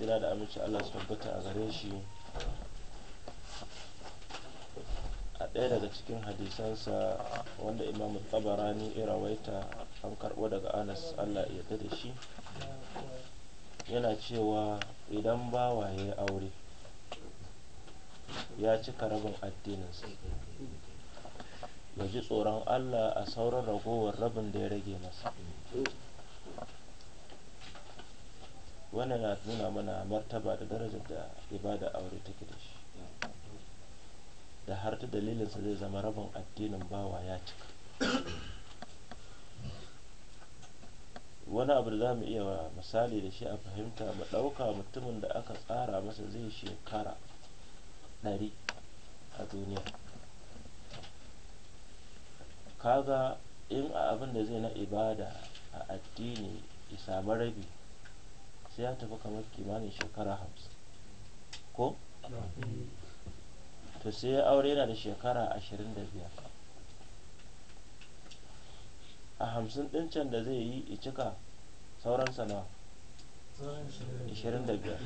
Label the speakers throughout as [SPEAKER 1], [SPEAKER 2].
[SPEAKER 1] tsira da aminci Allah su tabbata a gare shi a ɗaya daga cikin hadisansa wanda imamu tabarani irawaita an karɓo daga anas Allah ya da shi yana cewa idan bawa ya aure ya cika rabin addininsa ya ji tsoron Allah a sauran ragowar rabin da ya rage masa wannan na nuna mana martaba da darajar da ibada aure take da shi da har ta dalilinsa zai zama rabin addinin bawa ya cika wani abu da za mu iya misali da shi a fahimta mu ɗauka mutumin da aka tsara masa zai shekara ɗari a duniya kaga in a abin da zai na ibada a addini isa marabi rabi sai ya tafi kamar kimanin shekara hamsin ko? to sai ya aure yana da shekara ashirin da biyar a hamsin ɗin can da zai yi i cika sauran sana ashirin da biyar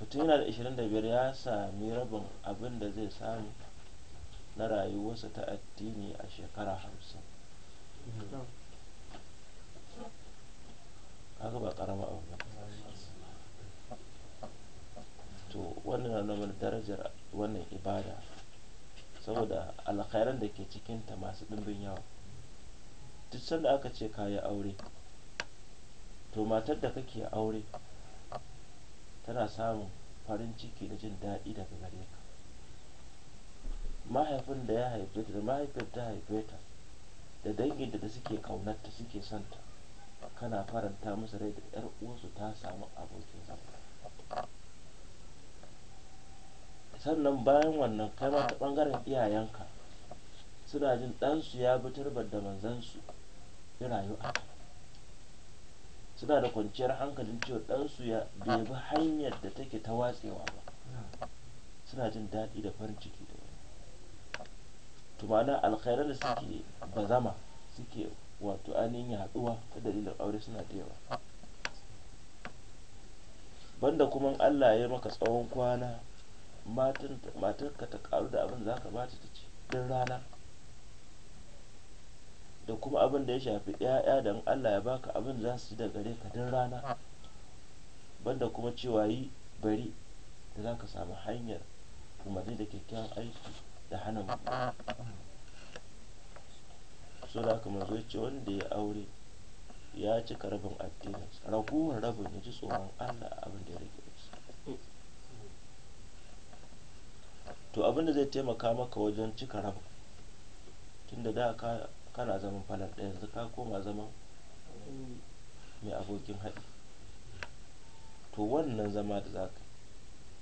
[SPEAKER 1] mutum yana da ashirin da biyar ya sami rabin abin da zai samu na rayuwarsa ta addini a shekara hamsin haka ba karama abu ba to wannan na nuna darajar wannan ibada saboda alkhairan da ke cikinta masu ɗimbin yawa duk sanda aka ce ka yi aure to matar da kake aure tana samun farin ciki da jin daɗi daga gare ka mahaifin da ya haife ta da mahaifin ta haife ta da dangin da suke kaunarta suke santa kana faranta musu rai da yar uwarsu ta samu abokin zama sannan bayan wannan kai ma ta bangaren iyayenka suna jin ɗansu ya bi turbar da manzansu ya rayu a suna da kwanciyar hankalin cewa ɗansu ya bai bi hanyar da take ta watsewa
[SPEAKER 2] ba
[SPEAKER 1] suna jin daɗi da farin ciki da wani alkhairar da suke bazama suke wato ainihin yaduwa ta dalilin aure suna da yawa banda kuma Allah ya maka tsawon kwana ka ta karu da abin ka ba ta ci din rana da kuma abin da ya shafi ya'ya da Allah ya baka abin za su da gare ka din rana banda kuma cewa yi bari da zaka samu hanyar umarni da kyakkyawan aiki da hana so da haka ce wanda ya aure ya cika rabin addininsa ragowar rabin ya ji tsoron allah abin da ya rage masa to abin da zai taimaka maka wajen cika rabin tunda da ka kana zaman falar ɗaya yanzu ka koma zaman mai abokin haɗi to wannan zama da za ka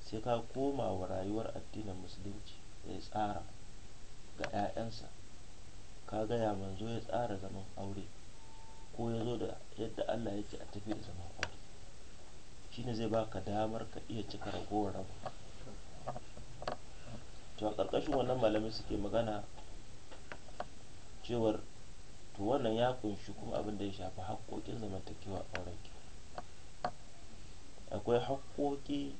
[SPEAKER 1] sai ka koma wa rayuwar addinin musulunci da ya tsara ga 'ya'yansa ka gaya manzo ya tsara zaman aure ko ya zo da yadda Allah ya ce a tafi da zaman aure shine zai baka damar ka iya cika ragowar rabu to a ƙarƙashin wannan malamai suke magana cewar to wannan ya kunshi kuma abin da ya shafi haƙoƙin zamantakewa auren ki akwai haƙoƙi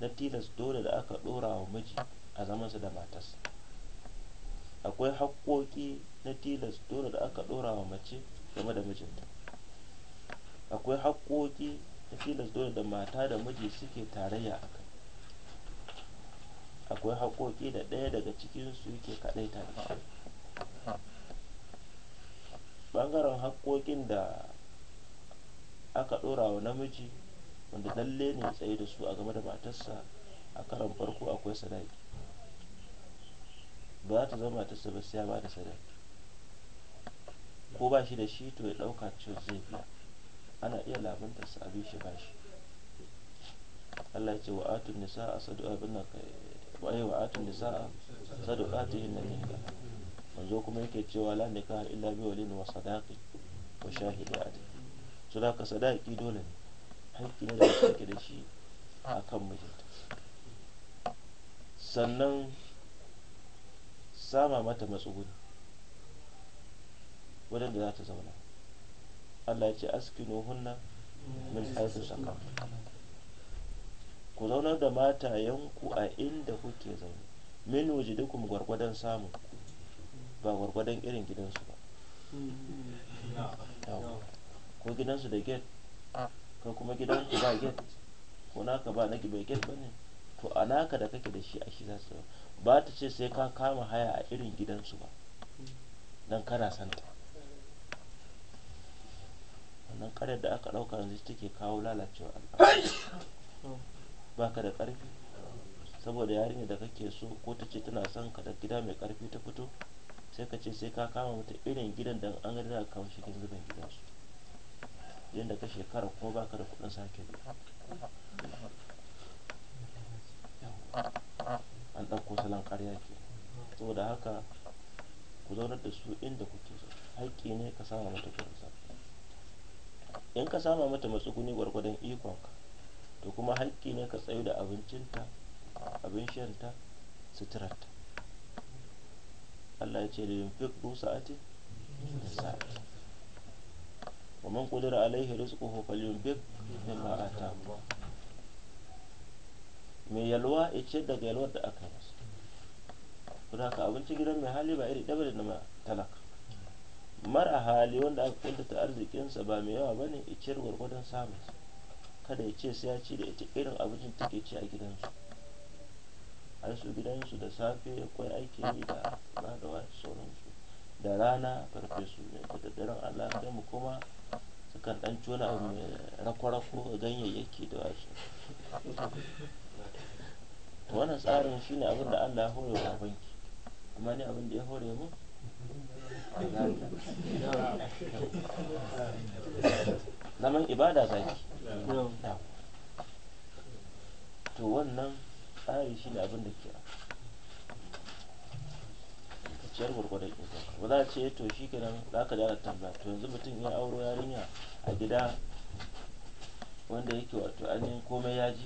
[SPEAKER 1] na tilas dole da aka ɗora wa miji a zamansa da matarsa akwai haƙƙoƙi na tilas dole da aka ɗora wa mace game da mijinta akwai haƙƙoƙi na tilas dole da mata da miji suke tarayya a kai akwai haƙƙoƙi da ɗaya daga cikinsu yake kaɗai ta da shi ɓangaren haƙƙoƙin da aka ɗora wa namiji wanda lalle ne tsaye da su a game da matarsa a karon farko akwai sadaki ba za ta zama ta ba sai ya ba da sadaki ko ba shi da shi to ya ɗauka cewa zai biya ana iya labanta su abin shi ba shi Allah ya ce wa atun nisa a sadu na kai wa atun nisa a sadu'a ta yin
[SPEAKER 2] nan
[SPEAKER 1] kuma yake cewa la ne ka illa biyu wani wa sadaqi wa shahidati su da ka sadaki dole ne haƙƙi ne da kake da shi akan mijinta sannan sama mata matsuguni wajen da za ta zauna Allah ya ce askino hunna min haifin saka ku zaunar da matayenku a inda kuke zaune min waje wujudukum gwargwadon samu ba gwargwadon irin gidansu
[SPEAKER 2] ba
[SPEAKER 1] ko gidansu da gate ko kuma gidanku ba gate ko naka ba na gibe gate ba ne to a naka da kake da shi a shi za su ba ta ce sai ka kama haya a irin gidansu ba don kana santa wannan karyar da aka ɗauka yanzu take kawo lalacewa ba ka da ƙarfi saboda yarinya da kake so ko ta ce tana son ka da gida mai ƙarfi ta fito sai ka ce sai ka kama mata irin gidan da an gani za ka kawo zuban gidansu yadda ka shekara kuma ba ka da kuɗin sake biya an ɗauko salon ƙarya ke saboda haka ku zaunar da su inda kuke haƙƙi ne ka sama mata gurinsa in ka sama mata matsuguni gwargwadon ikonka to kuma haƙƙi ne ka tsayu da abincinta abin shanta suturarta Allah ya ce da yin fik rusa ati da sa'ati wa man alaihi rizquhu falyunfiq min yalwa ya ce daga yalwar da aka yi masu don haka abinci gidan mai hali ba iri ɗaya da na talaka mara hali wanda aka ta arzikinsa ba mai yawa bane ya ciyar gwargwadon samun kada ya ce sai ya ci da ita irin abincin ke ci a gidansu ai su gidansu da safe akwai aiki ne da ba da sauransu da rana farfesu ne da daddaren allah kai mu kuma sukan ɗan cona abu mai rako-rako ganyayyaki da wasu wannan tsarin shine abin da Allah ya hore wa banki amma ne abin da ya hore mu zaman ibada zaki to wannan tsari shi ne abin da ke a ciyar gwargwadon ikon ba za a ce to shi kenan za ka jara tambaya to yanzu mutum ya auro yarinya a gida wanda yake wato ainihin komai ya ji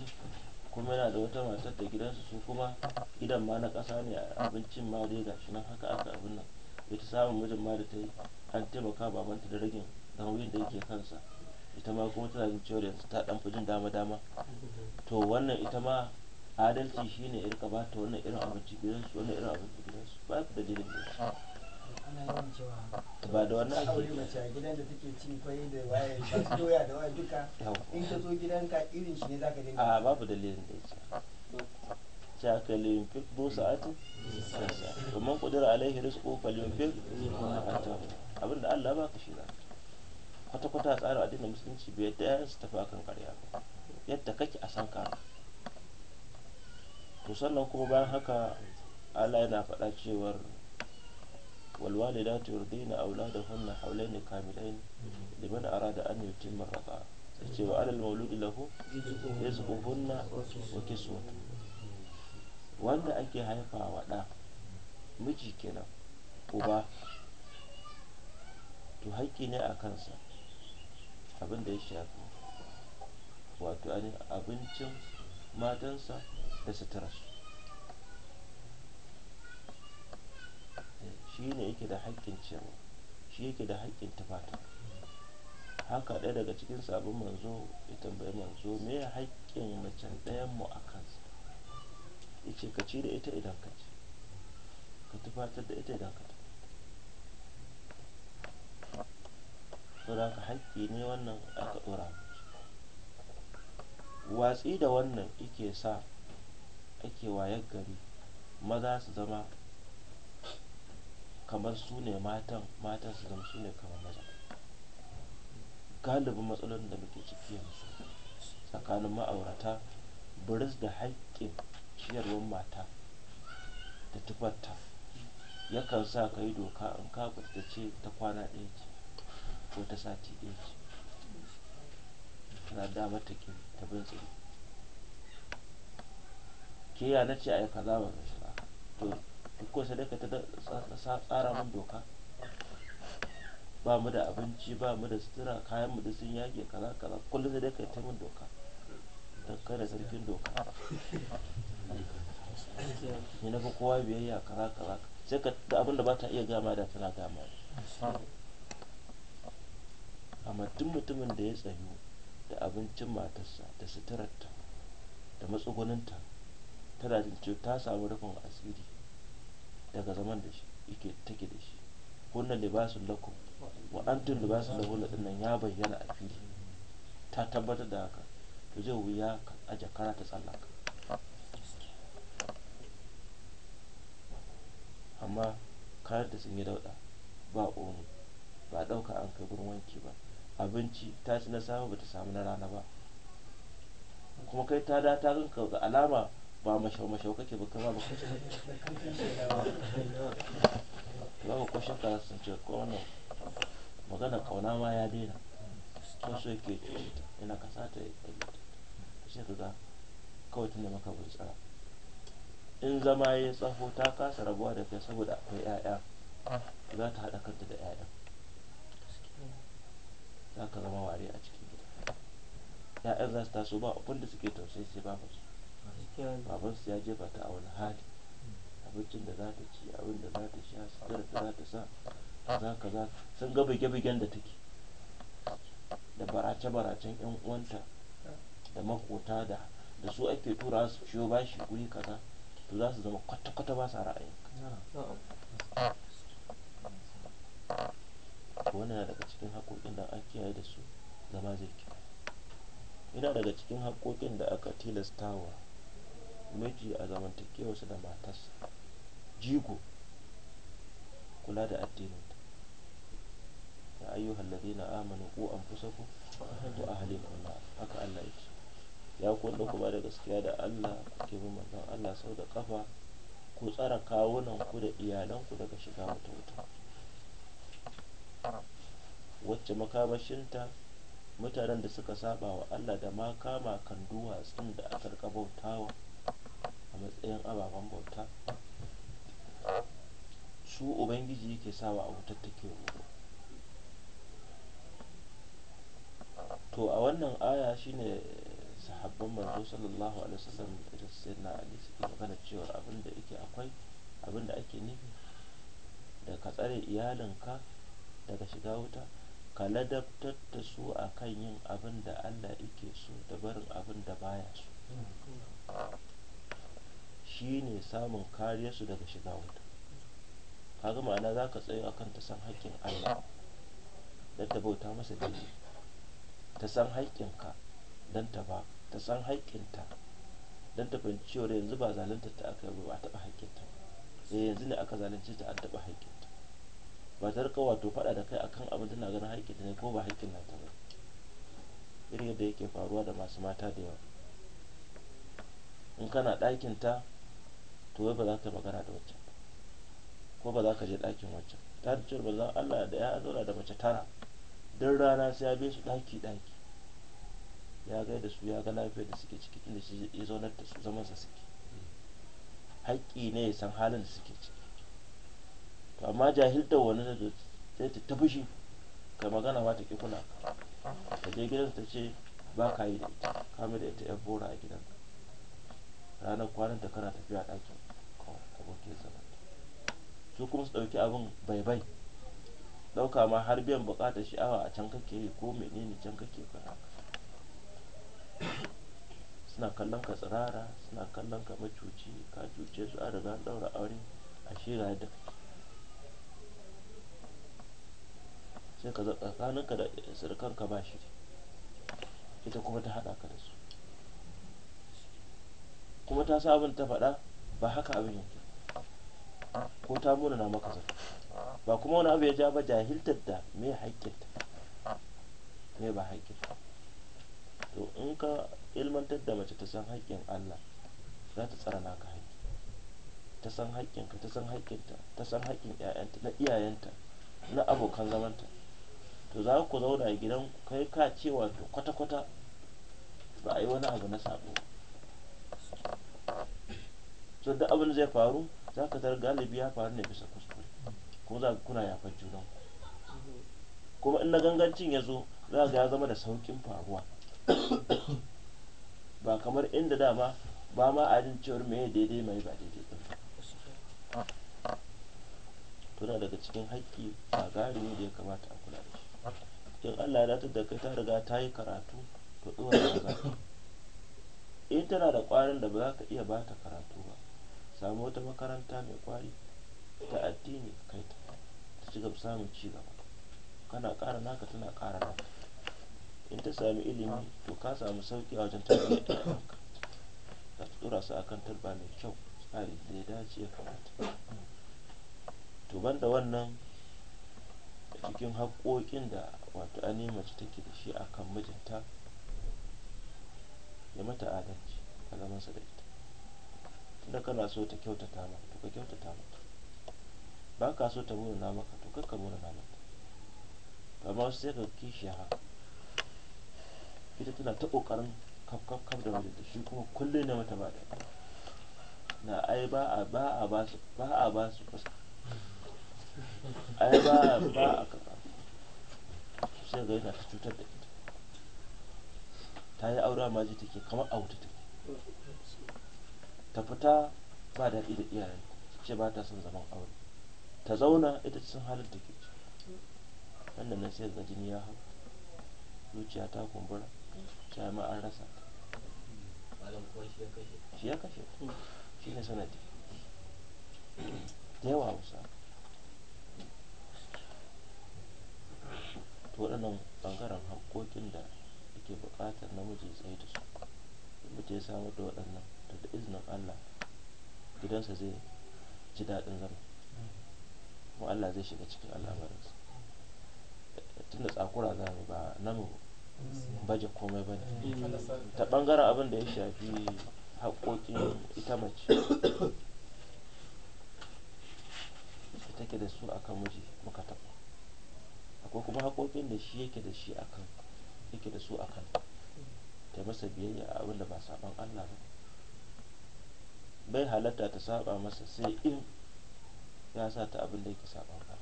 [SPEAKER 1] kuma yana da wata matar da gidansu su kuma idan ma na ƙasa ne abincin ma dai gashi nan haka aka abin nan ita samun mijin ma da ta yi an taimaka babanta da ragin nauyin da yake kansa ita ma kuma tana jin cewa yanzu ta dan jin dama dama to wannan ita ma adalci shine irka ba ta wannan irin abinci gidansu wannan irin abinci gidansu ba da dalilin da ba da wannan ake yi mace
[SPEAKER 3] a gidan da take cin kwai da waye ba doya da waye duka in ka zo gidanka irin shi ne zaka dinga a
[SPEAKER 1] babu dalilin da yake shaka limfik bo sa'atu domin kudura alaihi rizqu fa limfik da Allah baka shi za kwata kwata tsarin addinin musulunci bai yadda yayin su tafi akan karya ba yadda kake a san ka to sannan kuma bayan haka Allah yana faɗa cewar walwale da ta yarda ina aula da hunna haula ne kamilai ne da mana ara da an yi timmar raka alal mauludi lahu yasbu hunna wa kisu wanda ake haifawa wada miji kenan uba to haƙi ne akan sa abin da ya shafi wato abincin matansa da sutarsa shi ne yake da haƙƙin cewa shi yake da haƙƙin tufata haka ɗaya daga cikin sabon manzo ya tambayi manzo me ya haƙƙin macen ɗayan mu a kansa ya ce ka ci da ita idan ka ci ka tufatar da ita idan ka tufatar saboda ka haƙƙi ne wannan aka ɗora watsi da wannan ike sa ake wayar gari maza su zama kamar su ne matan matan su zama su ne kamar maza galibin matsalolin da muke ciki yanzu tsakanin ma'aurata biris da haƙƙin ciyarwar mata da tufarta yakan sa ka yi doka in ka ta ce ta kwana ɗaya ce ko ta sati ɗaya ce tana da mata ke ta bin tsiri ke ya na ce a yi kaza ba ko sadaka ta tsara min doka ba mu da abinci ba mu da sutura kayan mu da sun yage kaza kaza kullum kai ta min doka ta kare sarkin doka ni na fi kowa biyayya kaza kaza sai ka da abin da ba ta iya gama da tana gama amma duk mutumin da ya tsayu da abincin matarsa da suturarta da matsugunanta tana jin ta samu rufin asiri daga zaman da shi yake take da shi hunna libasun lako wa antum libasun da dinnan ya bayyana a fili ta tabbatar da haka to zai wuya aje jakara ta tsallaka amma kayar da sun yi dauɗa ba oni ba ɗauka an kai gurin wanki ba abinci ta ci na samu ba ta samu na rana ba kuma kai ta da ta ganka ga alama ba mashau mashau kake ba kama ba za ku kwashe ka sun ce ko wannan magana kauna ma ya daina ko so yake yana kasa ta yi sai ka ga kawai tunda maka bai tsara in zama ya tsaho ta kasa rabuwa da kai saboda akwai 'ya'ya za ta haɗa kanta da 'ya'ya za ka zama ware a cikin gida 'ya'yan za su taso ba abin da suke tausayi sai babu su babansu ya jefa ta a wani hali abincin da za ta ci abin da za ta sha sutura da za ta sa ka za sun ga bige-bigen da take da barace-baracen yan uwanta da makota da da su ake tura su shiyo shi guri kaza to za su zama kwata-kwata ba sa ra'ayin wannan na daga cikin haƙoƙin da ake yi da su zama zai kyau yana daga cikin haƙoƙin da aka tilastawa miji a zamantakewarsa da matarsa jigo kula da addininta ya ayyuhal ladina amanu ku anfusakum wa ahlikum nar haka Allah yake ya ku kuma da gaskiya da Allah kuke bin manzon Allah sau da kafa ku tsara kawunan ku da iyalanku daga shiga wata wuta wacce makamashinta mutanen da suka saba wa Allah da makama kan duwatsun da aka rika bautawa a matsayin ababen bauta su ubangiji yake sawa a wutar ruwa to a wannan aya shine sahabban manzo sallallahu alaihi wasallam da sayyidina ali suke magana cewa abin da yake akwai abin da ake nufi da ka tsare iyalinka daga shiga wuta ka ladabtar da su akan yin abin da Allah yake so da barin abin da baya so shine samun kariyarsu daga shiga wuta kaga ma'ana za ka tsayo akan ta san haƙƙin Allah don ta bauta masa daidai ta san haƙƙinka don ta ba ta san haƙƙinta don ta fahimci cewar yanzu ba zalunta ta aka yi ba a taɓa haƙƙinta sai yanzu ne aka zalunce ta an taɓa haƙƙinta ba ta rika wato faɗa da kai akan abin tana ganin haƙƙinta ne ko ba haƙƙin nata ba irin yadda yake faruwa da masu mata da yawa in kana ɗakinta to ba za ka yi magana da waccan ko ba za ka je ɗakin wacce ta da ba bazan Allah da ya zauna da mace tara don rana sai ya bi su ɗaki ɗaki ya da su ya ga lafiyar da suke ciki inda shi ya zaunar da su zaman sa suke haƙƙi ne ya san halin da suke ciki to amma jahiltar wani da zai ta tafi shi ka magana ma ta ki kula Ka je gidansa ta ce ba ka yi da ita ka da ita yan bora a gidan ranar kwanan ta kana tafiya ɗakin arzikinsa zama su kuma su ɗauki abin baibai ɗauka ma har biyan buƙatar sha'awa a can kake yi ko menene can kake fara suna kallon ka tsirara suna kallon ka macuci ka cuce su a riga ɗaura aure a shira da sai ka zaɓa tsakaninka da surukanka ba shi ita kuma ta haɗa ka da su kuma ta abin ta faɗa ba haka abin yake ko ta muna na maka zafi. ba kuma wani abu ya ja ba jahiltar da me haƙƙinta me ba haƙƙinta to in ka ilmantar da mace ta san haƙƙin Allah za ta tsara naka haƙƙi ta san haƙƙinka ta san haƙƙinta ta san haƙƙin ƴaƴanta na iyayenta na abokan zamanta to za ku zauna a gidan kai ka ce wato kwata-kwata ba a yi wani abu na sabo so duk abin zai faru za ka tar galibi ya faru ne bisa kuskure ko za kuna yafar junan kuma in na gangancin ya zo za ga ya zama da saukin faruwa ba kamar inda dama ba ma a jin cewar mai daidai mai ba daidai ɗin tuna daga cikin haƙƙi a ne da ya kamata a kula da shi in allah ya datar da kai ta riga ta yi karatu to ɗora da in tana da ƙwarin da ba za ka iya ba ta karatu ba samu wata makaranta mai kwari ta addini ka kai ta ta ci gaba samun ci gaba kana ƙara naka tana ƙara naka in ta sami ilimi to ka samu sauƙi a wajen tarbiyyar ɗanka ka tura su akan tarba mai kyau tsari da ya dace ya kamata to ban da wannan cikin haƙoƙin da wato ainihin mace take da shi a kan mijinta ya mata adalci a zamansa da ita tunda kana so ta kyautata maka to ka kyautata mata ba ka so ta murna maka to kar ka murna mata amma sai ka kishi haka ita tana ta kokarin kaf kaf da mijinta shi kuma kulle ne mata ba da na ai ba a ba a ba su ba a ba su ai ba a ba a kaza sai ga yana ta cutar da ita ta yi aura ma ji take kamar wuta take ta fita ba daɗi da iyaye ce ba ta son zaman aure ta zauna ita cikin halin da ke wannan nan sai zaji ya hau zuciya ta kumbura ta yi an rasa shi ya kashe shi ne sanadi da yawa wasa? to waɗannan ɓangaren hankokin da ake buƙatar namiji tsaye da su mutum ya samar da waɗannan to da iznin Allah gidansa zai ji daɗin zama kuma Allah zai shiga cikin al'amuransa tunda tsakura za mu ba mu baje komai ba ne ta ɓangaren abin da ya shafi haƙoƙin ita mace da take da su akan miji muka taɓa akwai kuma haƙoƙin da shi yake da shi akan yake da su akan ta masa biyayya abin da ba saɓan Allah ba bai halatta ta saba masa sai in ya sa ta abin da yake saba Allah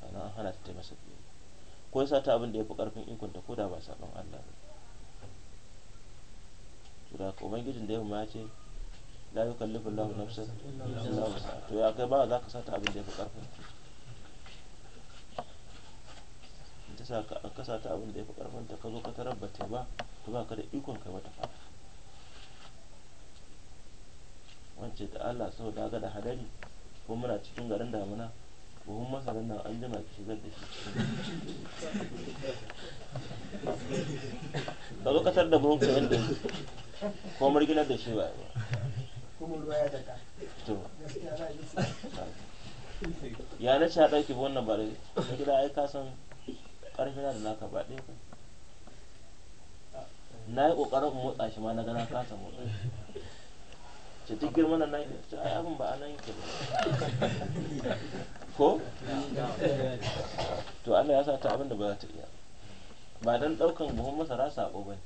[SPEAKER 1] sannan an hana ta ta masa biyayya ko ya sa ta abin da ya fi karfin ikonta ko da ba saban Allah ba to da ubangijin da ya ma ce la yukallifu Allahu nafsan illa wus'aha to ya kai ba za ka sa ta abin da ya fi karfin ta sa ka sa ta abin da ya fi karfin ta ka zo ka tarabbata ba to ba ka da ikon kai ta fara ce ta Allah sau da ga da hadari ko muna cikin garin damuna buhun masarar nan an jima ki shigar da shi ka zo kasar da buhun kayan da ko murginar da shi ba ya na haɗar ɗauki wannan ba na gida ai kasan ƙarfi na da naka ba ɗaya na yi ƙoƙarin motsa shi ma na gana kasa motsa shi ce duk girman nan ce ai abin ba anan yake ko to Allah ya sa ta abin da ba za ta iya ba dan daukan buhun masara sako ba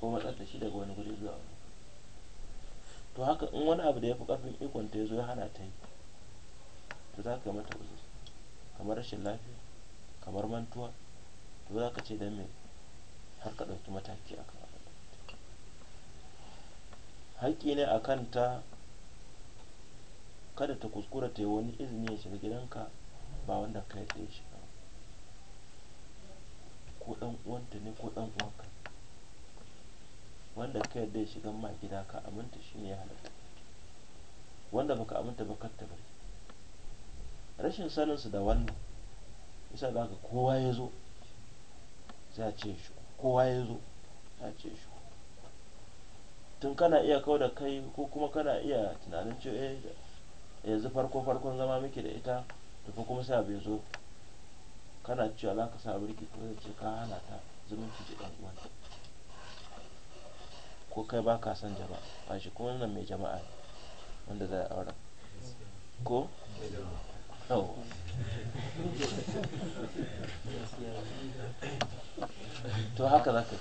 [SPEAKER 1] ko matsar da shi daga wani guri zuwa wani to haka in wani abu da ya fi karfin ikon ta ya zo ya hana ta yi to za ka mata uzu kamar rashin lafiya kamar mantuwa to za ka ce dan me har ka dauki mataki aka haƙƙi ne a kanta kada ta kuskura ta yi wani izini ya shiga gidanka ba wanda ka ya ya shiga ko ɗan uwanta ne ko ɗan uwanka wanda ka ya ya shiga ma gida ka aminta shi ne ya halatta wanda baka aminta ba kar ta bari rashin saninsu da wannan isa za ka kowa ya zo sai a ce shi kowa ya zo sai a ce shi tun kana iya kawo da kai ko kuma kana iya tunanin cewa ya eh, yanzu farko farkon zama muke da ita tafi kuma sa bai zo kana cewa za ka sa birki ko zai ce ka hana ta zumunci da ɗan uwan ko kai ba ka san jama'a ba shi kuma nan mai jama'a ne wanda za a aura ko to haka za ka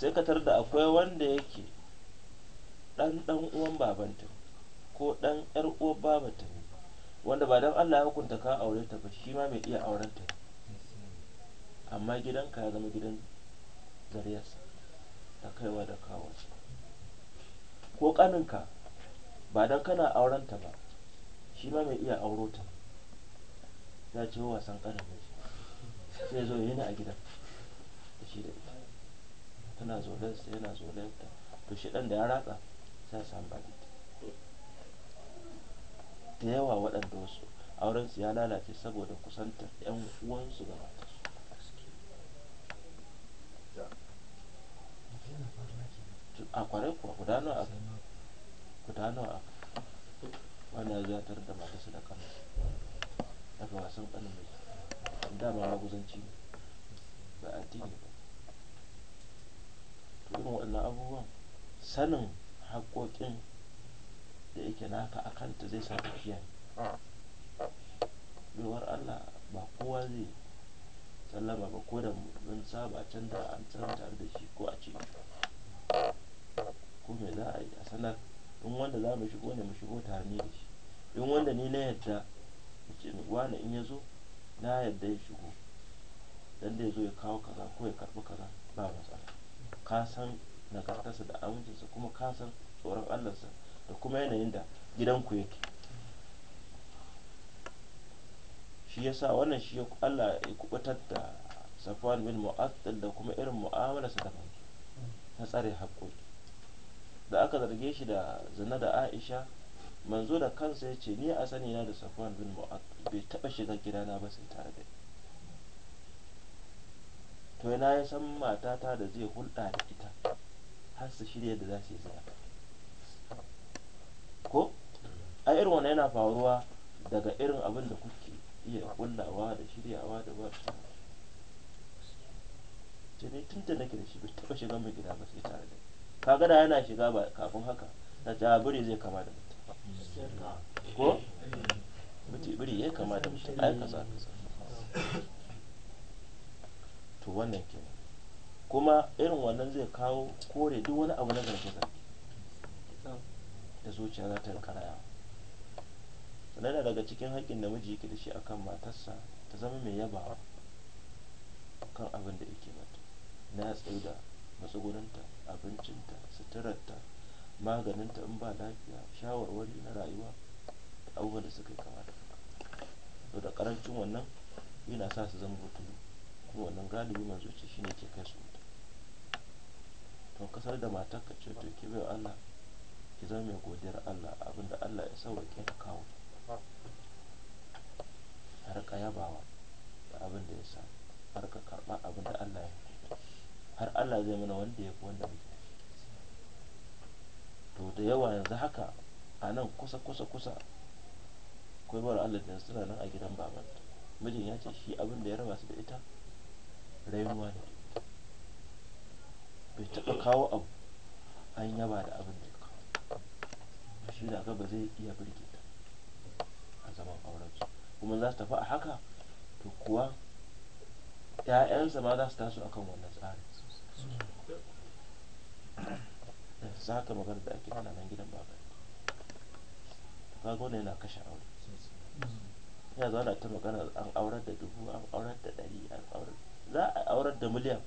[SPEAKER 1] sai ka tarda da akwai wanda yake ɗan dan uwan babanta ko ɗan ƴar uwar babanta wanda ba don Allah ya hukunta ka aure ta ba shi ma mai iya auren ta amma gidanka ya zama gidan zariyarsa ta kaiwa da kawo ko kaninka ba don kana auren ta ba shi ma mai iya auro ta ya ce wasan kanin sai zo yana a gidan da shi da ita tana sa yana ta to shi ɗan da ya ratsa sai samu baki da yawa waɗanda wasu aurensu ya lalace saboda kusantar 'yan uwansu ga matarsu
[SPEAKER 2] a kwarai kuwa gudano a
[SPEAKER 1] gudano a wani ya zatar da su da kanu daga wasan kanin mai dama maguzanci ne ba addini ba irin waɗannan abubuwan sanin haƙoƙin da yake naka a kanta zai samu ka kiyaye Allah ba kowa zai sallama ba ko da mun saba can da an san tare da shi ko a ce ko me za a yi a sanar in wanda za mu shigo ne mu shigo tare ne da shi in wanda ni na yadda wani in ya zo na yadda ya shigo dan da ya zo ya kawo kaza ko ya karɓi kaza ba matsala ka san nagartarsa da amincinsa kuma ka san tsoron allansa da kuma yanayin da gidan ku yake shi ya sa wannan shi Allah ya kubutar da safuwan bin Mu'attal da kuma irin mu'amalarsa da manzo na tsare haƙƙoƙi da aka zarge shi da zina da Aisha manzo da kansa ya ce ni a sani na da safuwan bin Mu'attal bai taɓa shiga gidana ba sai tare da yi. to na ya san matata da zai hulɗa da ita har su shirya da za su yi zina ko a irin wannan yana faruwa daga irin abin da kuke iya kullawa da shiryawa da ba su ce dai tun da nake da shi bai taɓa shiga mai gida ba sai tare da kaga da yana shiga ba kafin haka na jabiri zai kama da
[SPEAKER 2] mutum ko mutum biri ya kama da mutum ai kasa-kasa.
[SPEAKER 1] to wannan kenan kuma irin wannan zai kawo kore duk wani abu na zarge-zarge da zuciya za ta karaya sannan daga cikin haƙƙin da miji yake da shi akan matarsa ta zama mai yabawa kan abin da yake mata na tsaye da matsugunanta abincinta suturarta maganinta in ba lafiya shawarwari na rayuwa da abubuwan da suka yi kamata to da karancin wannan yana sa su zama mutum to wannan galibi zuci shi shine ke kai su wuta to kasar da matar ka ce to ki bai Allah ki zama mai godiyar Allah abinda Allah ya ke ka kawo har ka yabawa da abin da ya sa har ka karba abinda Allah ya har Allah zai mana wanda ya fi wanda muke to da yawa yanzu haka a nan kusa kusa kusa akwai bar Allah da suna nan a gidan baban, mijin ya ce shi abin da ya raba su da ita rayuwa da bai taɓa kawo abu an yaba da abin da kawo shi da aka ba zai iya birge ta a zaman aurensu kuma za su tafi a haka to kuwa ‘ya'yansa ma za su taso akan wannan tsarin da su haka magana da ake nan gidan baba to kaga wannan yana kashe aure ya zauna ta magana an aurar da dubu an aurar da ɗari an aurar za a aurar da miliyan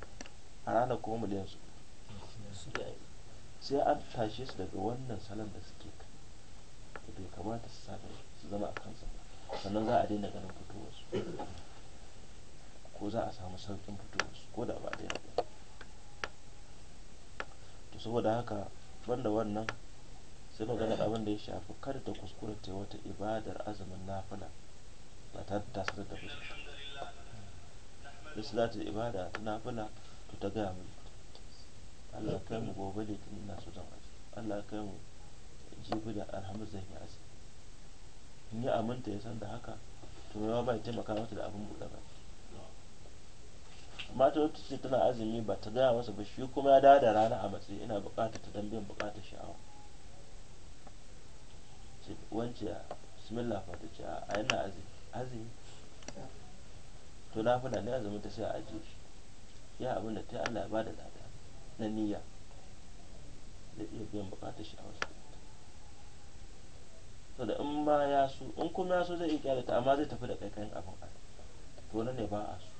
[SPEAKER 1] a rana kuma miliyan su sai an tashe su daga wannan salon da suke kai bai kamata su su zama a kansa sannan za a daina ganin su ko za a samu sauƙin su ko da ba daina ba to saboda haka banda wannan sai magana abin da ya shafi kada ta kuskura ta wata ibadar azumin nafila ba ta tasar da fuskanta da salatul ibada ta nafila to ta gaya mu Allah kai mu gobe litinin na so zan aji Allah kai mu jibi da alhamis zan yi aji in yi aminta ya san da haka to mai ba ya taimaka mata da abin buɗe ba mata wata ce tana azumi ba ta gaya masa ba shi kuma ya dawo da rana a matsayi ina buƙatar ta dambiyan buƙatar sha'awa wancan bismillah fa ce a yana azumi azumi to na fada ne azumin ta sai a ajiye shi ya abin da ta yi Allah ya bada lada na niyya da iya biyan bukatar shi a wasu to da in ba ya so in kuma ya so zai iya kyalata amma zai tafi da kai abin a to wani ne ba a so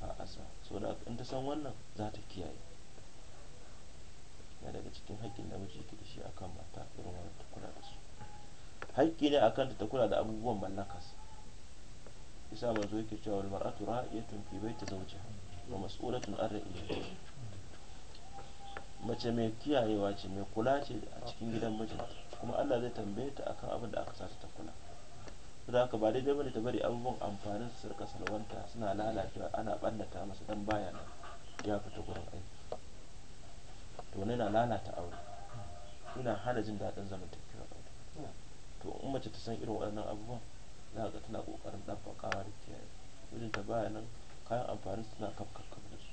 [SPEAKER 1] ba a sa so da in ta san wannan za ta kiyaye ya daga cikin haƙƙin da miji da shi akan mata irin wannan kula da hakki ne akan ta kula da abubuwan mallakas isa ba zo yake cewa wal mar'atu ra'iyatun fi baiti zawjiha wa mas'ulatun an ra'iyatiha mace mai kiyayewa ce mai kula ce a cikin gidan mijinta kuma Allah zai tambaye ta akan abin da aka sata ta kula da haka ba daidai bane ta bari abubuwan amfanin su sarka salwanta suna lalacewa ana ɓannata masa dan baya nan ya fita gurin aiki to na lalata aure ina hana jin daɗin zamanta to in mace ta san irin waɗannan abubuwan za ga tana ƙoƙarin faƙawa da kiyaye wajen ta baya nan kayan amfanin suna kafkafkaf da su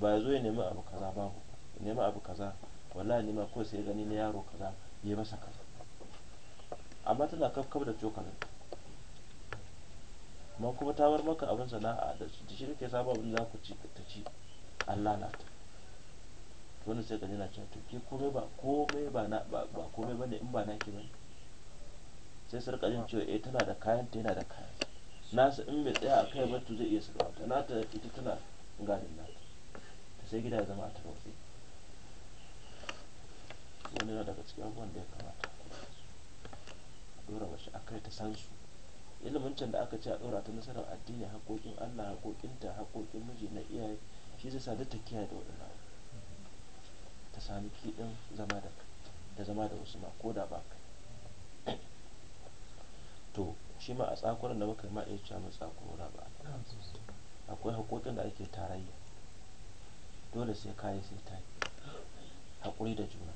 [SPEAKER 1] ba ya zo ya nemi abu kaza babu ya nemi abu kaza wallahi nema ko sai gani na yaro kaza ya masa kaza amma tana kafkaf da cokalin ma kuma ta bar maka abin sana'a da shi da ke sa abin za ku ci ta ci an lalata wani sai ka na cewa to ke komai ba komai ba na ba komai bane in ba na ke bane sai sarka jin cewa eh tana da kayan ta yana da kayan nasu in bai tsaya a kai ba to zai iya sarwa ta nata ita tana gadin nata ta sai gida ya zama a tarwatsi wani na daga cikin abubuwan da ya kamata a dora wasu a kai ta san su ilimin can da aka ce a dora ta nasarar addini haƙoƙin allah ta haƙoƙin miji na iyaye shi zai sa ta kiyaye da waɗannan ta sami kiɗin zama da zama da wasu ma ko da ba kai to shi ma a tsakuran da muka yi ma iya cewa mu tsakura ba akwai haƙoƙin da ake tarayya dole sai kayi sai tayi haƙuri da juna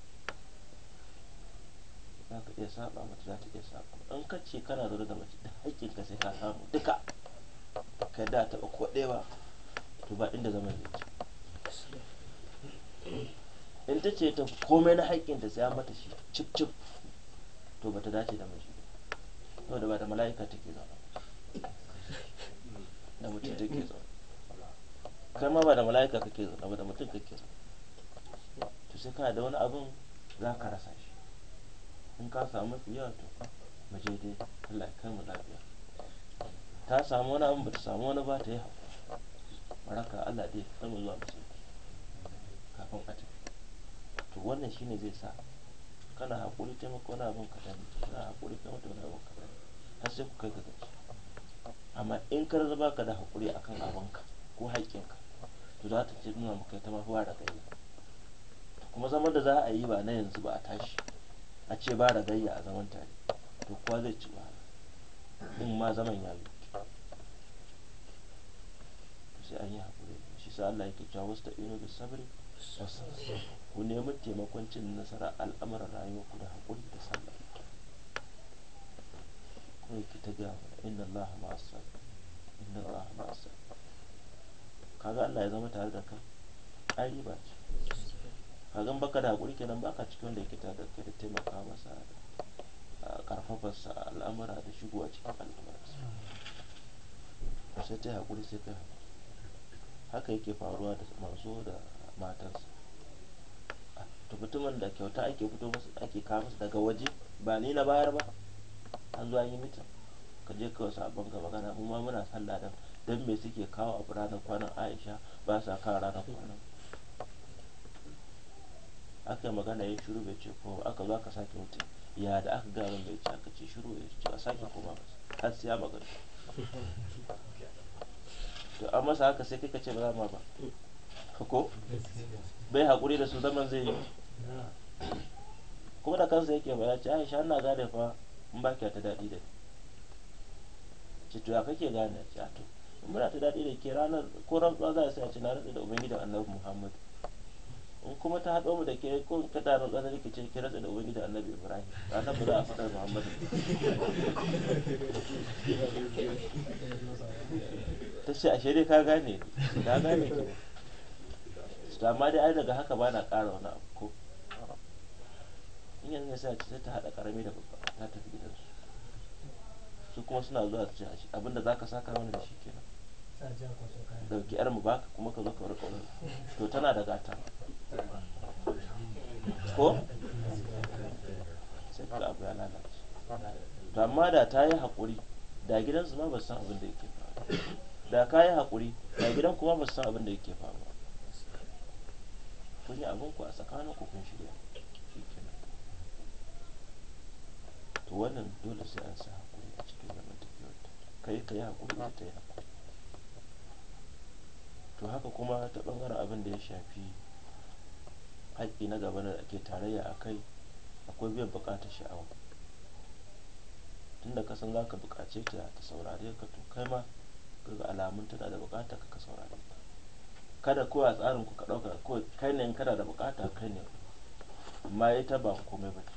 [SPEAKER 1] za ka iya saba mata za ta iya saba an ka ce kana zaune da mace da haƙƙinka sai ka samu duka ka da taɓa ko ɗaya to ba inda zaman zai ce in ta ce ta komai na haƙƙinta sai an mata shi cip cip to ba ta dace da mace no da ba da mala'ika take zaune da mutum take zaune kai ma ba da mala'ika kake zaune ba da mutum kake zaune to sai kana da wani abin za ka rasa shi in ka samu mafi yawa to mu je dai Allah kai mu lafiya ta samu wani abin ba ta samu wani ba ta yi haƙuri ka Allah dai ta mu zuwa musu kafin a tafi to wannan shine zai sa kana haƙuri taimaka wani abin kaɗan kana haƙuri taimaka wani abin ka har sai ku kai ka gaci amma in ka zaba ka da hakuri akan abinka ko haƙƙinka to za ta ce nuna maka ta mafi da gayya kuma zaman da za a yi ba na yanzu ba a tashi a ce ba da gayya a zaman tare to kuwa zai ci wahala in ma zaman ya sai an yi hakuri shi sa Allah yake cewa wasu ta'inu da sabri ku nemi taimakon cin nasara al'amuran rayuwarku da haƙuri da sallah kawai ki ta gaya mana inna Allah ma'asar inna Allah ma'asar kaga Allah ya zama tare da kai ai ba ce kaga in baka da hakuri kenan baka cikin da yake tare da kai da taimaka masa da karfafarsa al'amura da shigo a cikin al'amarsa sai ta hakuri sai ka haka yake faruwa da manzo da matarsa to mutumin da kyauta ake fito masa ake kawo masa daga waje ba ni na bayar ba an zo an yi mitin ka je ka wasu abin magana mu ma muna san dan dan me suke kawo a ranar kwanan aisha ba sa kawo ranar kwanan aka yi magana ya shiru bai ce ko aka zo aka sake mutum ya da aka gano bai ce aka ce shiru ya ce a sake koma ba har sai ya magana to an masa haka sai kai ka ce ba za ma ba ko bai hakuri da su zaman zai yi kuma da kansa yake ba ya ce aisha ana gane fa in ba ta daɗi da ce to ya kake gane ce to in muna ta daɗi da ke ranar ko rantsuwa za a sai a ce na rantsu da ubangidan annabi muhammad in kuma ta haɗo mu da ke ko ka da rantsa da ke rantsu da ubangidan annabi ibrahim ranar ba za a faɗa muhammad ta ce a shirya ka gane ta gane ki ta amma dai ai daga haka ba na ƙara wani abu ko in yanzu ya sa ce ta haɗa ƙarami da babba ta tafi gidansu su kuma suna zuwa su ci shi abinda za ka saka mana da shi kenan dauki yar mu baka kuma ka zo ka rika wani to tana da gata ko sai ka abu ya lalace to amma da ta yi haƙuri da gidansu ma ba san abin da yake faruwa da ka yi haƙuri da gidan kuma ba san abin da yake faruwa kun yi abin ku a tsakanin ku kun shirya to wannan dole sai an sa hakuri a cikin zamantakewar ta kai ka yi hakuri da ta yi hakuri to haka kuma ta bangaren abin da ya shafi haƙƙi na gaba da ake tarayya a kai akwai biyan buƙatar sha'awa tunda ka san za ka buƙace ta ta saurare ka to kai ma ga alamun tana da buƙatar ka ka saurare ta kada kowa a tsarin ku ka ɗauka kai ne kana da buƙata kai ne amma ita ba komai ba ce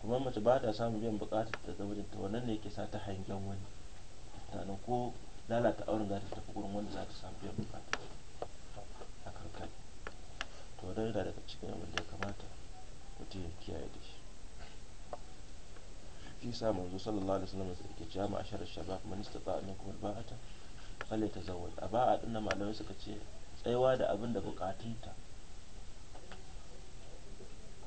[SPEAKER 1] kuma mace ba ta samun biyan bukatar ta ga mijinta wannan ne yake sa ta hangen wani tunanin ko lalata auren za ta tafi gurin wanda za ta samu biyan bukata a kankan to wannan yana daga cikin abin da ya kamata mutum ya kiyaye da shi shi sa manzo sallallahu alaihi wasallam sai yake cewa ma'ashar shabab man istata'a minkum alba'ata falyatazawwaj a ba'a din nan malamai suka ce tsayawa da abin da bukatunta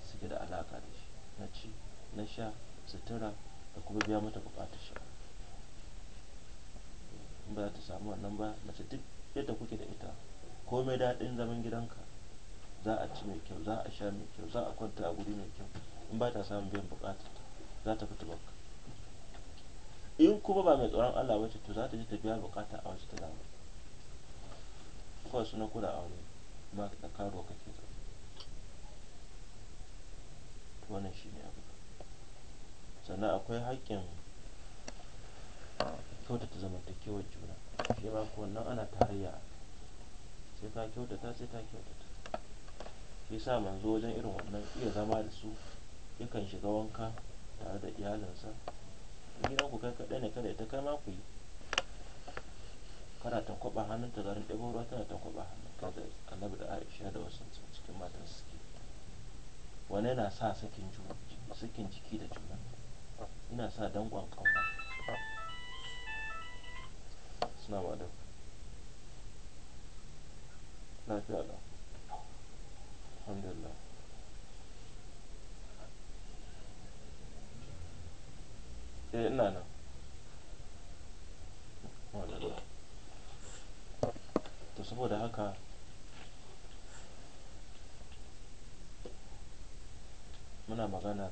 [SPEAKER 1] suke da alaka da shi na ci na sha sutura da kuma biya mata bukatar shi ba za ta samu wannan ba mace duk yadda kuke da ita komai daɗin zaman gidanka za a ci mai kyau za a sha mai kyau za a kwanta a guri mai kyau in ba ta samun biyan bukatar za ta fita baka in kuma ba mai tsoron Allah wacce to za ta ji ta biya bukata a waje ta zama kawai suna kula aure ba ka karo kake zaune wannan shi ne abu sannan akwai haƙƙin kyautata zamantakewar juna shi ma ko wannan ana tarayya sai ka kyautata sai ta kyautata shi sa manzo wajen irin wannan iya zama da su yakan shiga wanka tare da iyalinsa gidan ku kai kaɗai ne kada ita kai ma ku yi kana ta kwaɓa hannun ta garin ɗago ruwa tana ta kwaɓa hannun ta da annabi da aisha da wasu cikin matan suke wani yana sa sakin jiki da juna ina sa danƙon ƙauna suna ba da lafiya da alhamdulillah eh ina nan to saboda haka muna maganar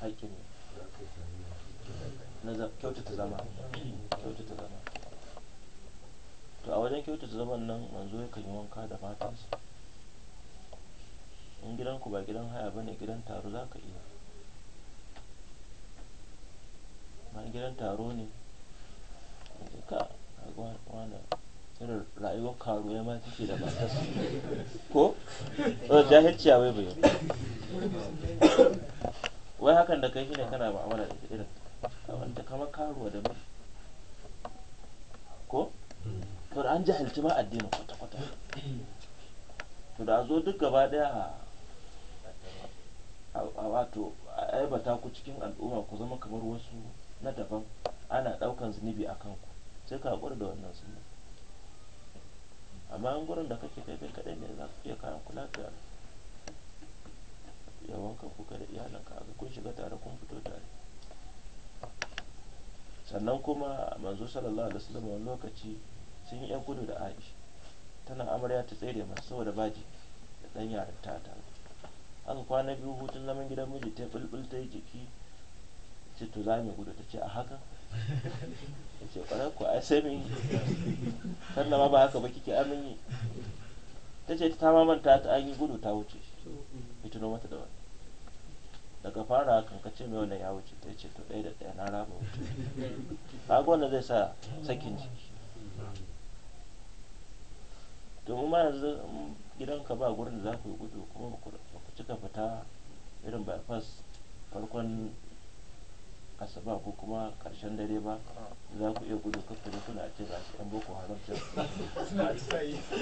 [SPEAKER 1] haƙƙin na kyautata zama kyautata zama to a wajen kyautata zaman nan manzo ya kanyi wanka da matansa in gidanku ba gidan haya bane gidan taro za ka iya ma gidan taro ne ka wani irin rayuwar karo ya ma take da matansa ko? jahilci a bai wai hakan da kai shi ne kana ma'amala da ita irin wanda kama karuwa da mashi ko to da an jahilci ma addinin kwata-kwata to da a zo duk gaba daya a wato aibata ku cikin al'umma ku zama kamar wasu na daban ana daukan zunubi a kanku sai ka haƙura da wannan zunubi amma an gurin da kake kai kai kaɗai ne za ku iya kayan kula da wanka ko kada da iyalanka a kun shiga tare kun fito tare sannan kuma manzo sallallahu alaihi wasallam wani lokaci sun yi yan gudu da aisha tana amarya ta tsere masa saboda baji da dan yaran ta ta aka kwana biyu hutun zaman gidan miji ta bulbul ta yi jiki ce to za mu gudu ta ce a haka ya ce kwarar ku ai sai mun kan ma ba haka ba kike amin yi ta ce ta mamanta ta an yi gudu ta wuce ita no mata da wani daga fara hakan ka ce mai wannan ya wuce ta ce to ɗaya da ɗaya na raba wuce kaga wannan zai sa sakin jiki domin ma yanzu ka ba gurin da za ku yi gudu kuma ba ku cika fita irin bypass farkon asaba ko kuma karshen dare ba za ku iya gudu kafa da kuna ce ga yan boko haram ce suna tsayi ko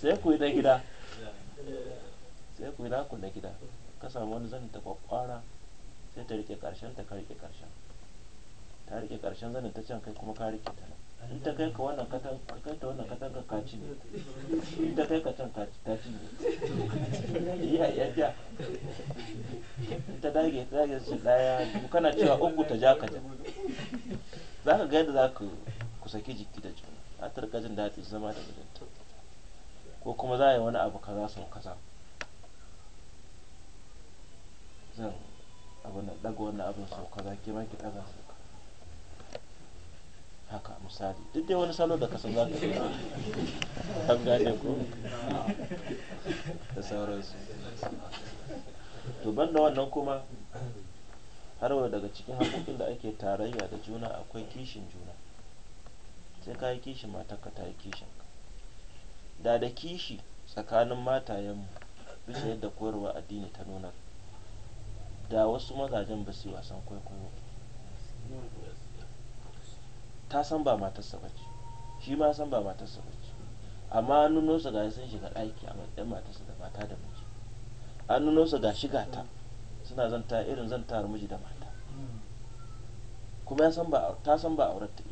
[SPEAKER 1] sai ku yi na gida sai ku yi na na gida ka samu wani zanin ta kwakwara sai ta rike karshen ta ka rike karshen ta rike karshen zanin ta can kai kuma ka rike ta nan in ta kai ka wannan katan ka kai ta wannan katan ka kaci ne in ta kai ka can ci ne iya iya ja in ta dage ta dage su daya kana cewa uku ta ja ka ja za ka ga yadda za ka ku saki jiki da juna a tarka jin daɗi zama da mijinta ko kuma za a yi wani abu kaza sau kaza zan abin da ɗaga wannan abin sau kaza ke ma ki ɗaga sau haka misali duk dai wani salo da kasan za ka yi an gane ko da sauransu to banda wannan kuma har wa daga cikin hakokin da ake tarayya da juna akwai kishin juna sai ka yi kishin matarka ta yi kishin da da kishi tsakanin matayenmu bisa yadda koyarwa addini ta nuna da wasu mazajen ba su yi wasan kwaikwayo ta san ba matarsa ba ce shi ma san ba matarsa ba ce amma an nuno su gashi sun shiga aiki a matsayin matarsa da mata da miji an nuno su shiga ta suna zanta irin zantar miji da mata kuma ta san ba auren ta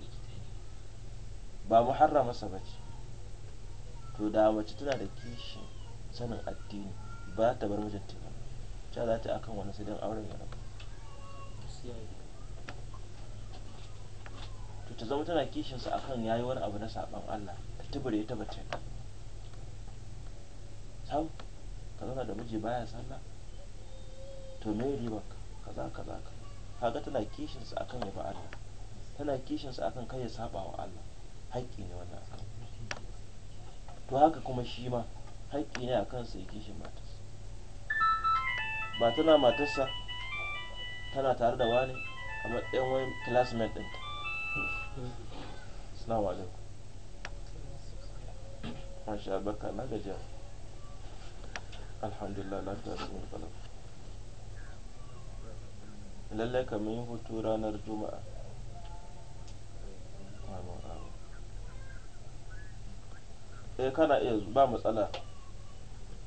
[SPEAKER 1] ba muharramarsa ba ce to da mace tana da kishi sanin addini ba ta bar mijinta ba ta za ta akan wani sai dan auren ya rabu ta zama tana kishinsa akan yayi wani abu na saban Allah ta tubure ta bace sau ka zauna da miji baya sallah to me riba kaza kaza kaga tana kishinsa akan ya ba Allah tana kishinsa akan kai ya saba wa Allah haƙƙi ne wannan akan to haka kuma shi ma haƙƙi ne akan su ya kishin matarsa ba tana matarsa tana tare da wani a matsayin wani classmate ɗinta
[SPEAKER 2] Assalamu
[SPEAKER 1] alaikum. Masha baka na gajiya. Alhamdulillah lafiya da mun Lallai ka yi hutu ranar Juma'a. Eh kana iya ba matsala.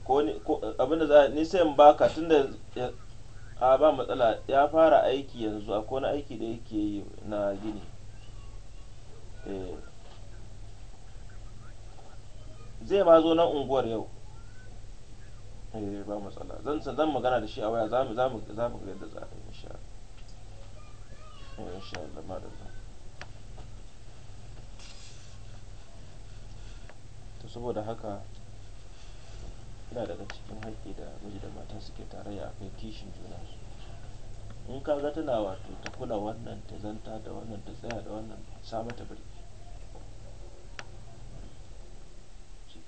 [SPEAKER 1] Ko ni ko abinda za ni sai in baka tunda a ba matsala ya fara aiki yanzu akwai wani aiki da yake yi na gini. Eh. zai ma zo nan unguwar yau eh, ba matsala zan zan magana da shi a waya zamu zamu zamu ga yadda za a yi insha Allah eh, insha Allah madalla to saboda haka ina daga cikin haƙƙi da miji da mata suke tarayya a kai kishin juna su. in ka ga tana wato ta kula wannan ta zanta da wannan ta tsaya da wannan sa mata birki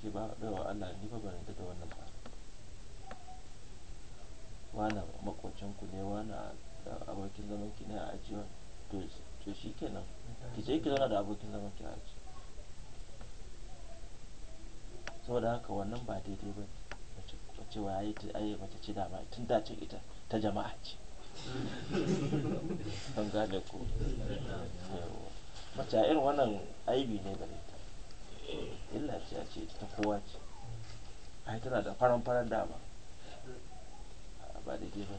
[SPEAKER 1] ke ba wa Allah ni fa bane da wannan ba wana makwacin ku ne wana abokin zaman ki ne a ajiya to to shikenan ki je ki zauna da abokin zaman ki a ajiya saboda haka wannan ba daidai ba mace wa yayi ta ayi mace ce dama tun da ce ita ta jama'a ce Don gane ko mace irin wannan aibi ne gare illa ce a ce ta kowa ce ai tana da faran faran dama ba da ke ba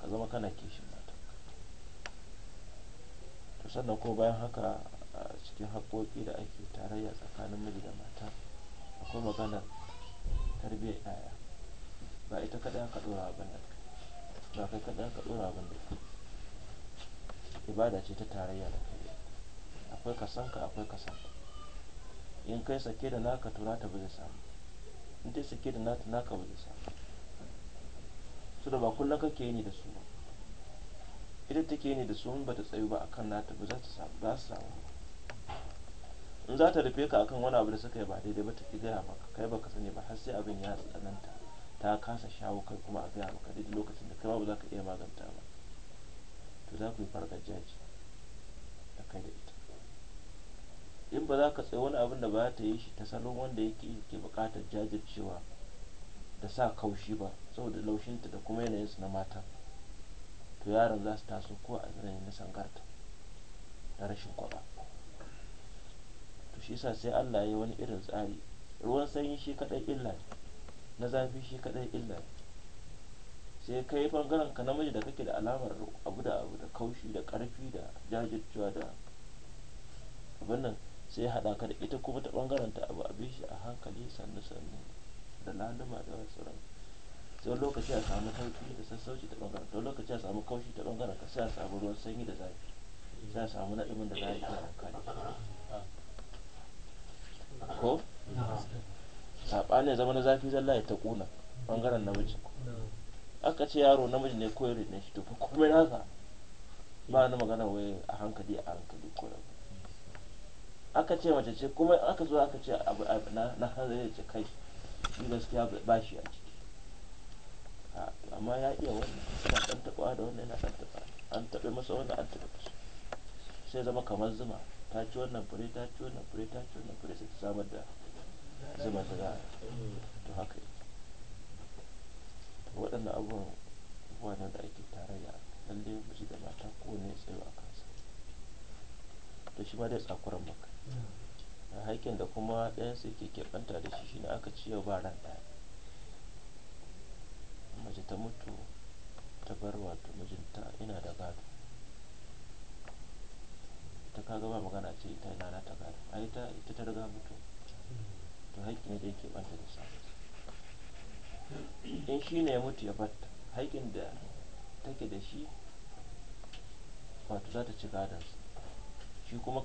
[SPEAKER 1] ka zama kana kishin mata to sannan ko bayan haka a cikin haƙoƙi da ake tarayya tsakanin miji da mata akwai maganar tarbiyyar ɗaya. ba ita kaɗai aka ɗora abin da ba kai kaɗai aka ɗora abin da ibada ce ta tarayya da kai akwai ka, akwai ka kasanka in kai sake da naka to ta ba zai samu in ta sake da nata naka ba zai samu su da ba kullum kake yi ne da su ba idan take yi ne da su in ba ta tsayu ba akan nata ba za ta samu ba su samu in za ta rufe ka akan wani abu da suka yi ba daidai ba ta ki gaya maka kai baka sani ba har sai abin ya tsananta ta kasa shawo kai kuma a gaya maka daidai lokacin da kai ba za ka iya maganta ba to za ku yi fargajiya ce da kai da ita in ba za ka sai wani abin da ba ta yi shi ta salon wanda yake ke bukatar jajircewa da sa kaushi ba saboda laushinta da kuma yanayinsu na mata to yaron za su taso ko a yanayin na sangarta da rashin kwaba to shi sa sai allah ya wani irin tsari ruwan sanyi shi kadai illa na zafi shi kadai illa sai yi bangaren ka namiji da kake da alamar abu da abu da kaushi da karfi da jajircewa da abin nan sai ya haɗa ka da ita kuma ta ɓangaren ta abu abin shi a hankali sannu sannu da laluma da wasu sai lokaci a samu sauki da sassauci ta ɓangaren sau lokaci a samu kaushi ta ɓangaren ka sai a samu ruwan sanyi da zafi sai a samu na'imin da zafi a hankali ko ko saɓanin zama na zafi zalla ya ta ƙuna ɓangaren namiji aka ce yaro namiji ne koyar da shi to fa komai nasa ba na magana wai a hankali a hankali koyar aka ce mace ce kuma aka zo aka ce abu na na hanzari ce kai shi gaskiya ba shi a ciki amma ya iya wannan yana ɗan taɓa da wannan yana dan taɓa an taɓe masa wannan an taɓe masa sai zama kamar zuma ta ci wannan fure ta ci wannan fure ta ci wannan fure sai ta samar da zuma da za to haka waɗannan abubuwan wannan da ake tarayya lalle miji da mata ko ne tsayo a kansa to shi ma dai tsakuran maka haƙƙin da kuma ɗayansu yake keɓanta da shi shine aka ci yau ba ran ɗaya mace ta mutu ta bar wato mijinta ina da gado ta kaga ba magana ce ita ina na ta gado ai ita ita ta riga mutu to haƙƙi ne da yake ɓanta da sa in shi ne ya mutu ya batta haƙƙin da take da shi wato za ta ci gadonsa shi kuma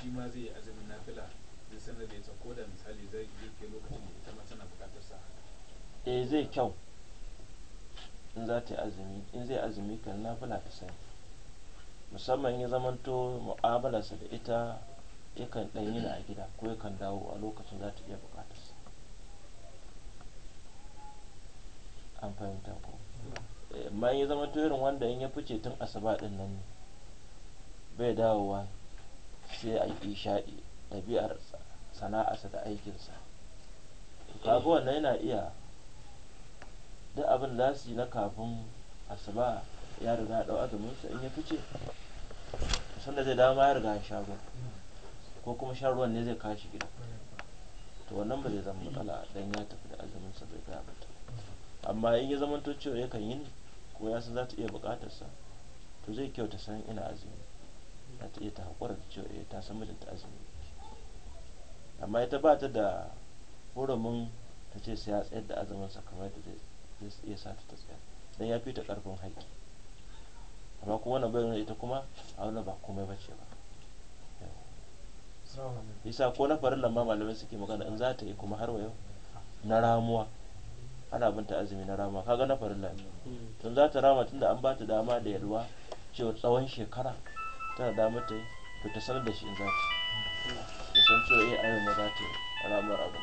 [SPEAKER 3] shi ma zai yi azumin nafila zai sanar da ita ko da misali zai yi ke lokacin da ita ma tana bukatar sa
[SPEAKER 1] e zai kyau in za ta yi azumi in zai azumi kan nafila ta sani musamman ya zamanto mu'amalarsa da ita yakan ɗan yi a gida ko yakan dawo a lokacin za ta iya sa an fahimta ko eh, amma ya zama to irin wanda in ya fice tun asuba din nan bai dawowa sai a yi shaɗi ɗabi'ar sana'arsa da aikinsa kaga wannan yana iya da abin da su na kafin asuba ya riga ɗau azuminsa in ya fice sanda zai dama ya riga ya ko kuma sha ruwan ne zai kashi gida to wannan ba zai zama matsala don ya tafi da azuminsa bai gaya bata. amma in ya zamanto cewa kan yi ni, ko ya san za ta iya bukatarsa to zai kyauta san ina azumi za ta iya ta haƙura da cewa eh ta san mijinta azumi amma ita ba ta da hurumin ta ce sai ya tsayar da azumin sa kamar da zai iya sa ta tsayar dan ya fi ta ƙarfin haƙƙi amma kuma wannan bayyana ita kuma a wannan ba komai ba ce ba isa ko na farin lamma malamai suke magana in za ta yi kuma har yau na ramuwa ana binta azumi na rama kaga na farin lamma tun za ta rama tunda an ba ta dama da yalwa cewa tsawon shekara tana da mata to ta sanar da shi in za ta ya san cewa iya ayon da za ta yi ramar abu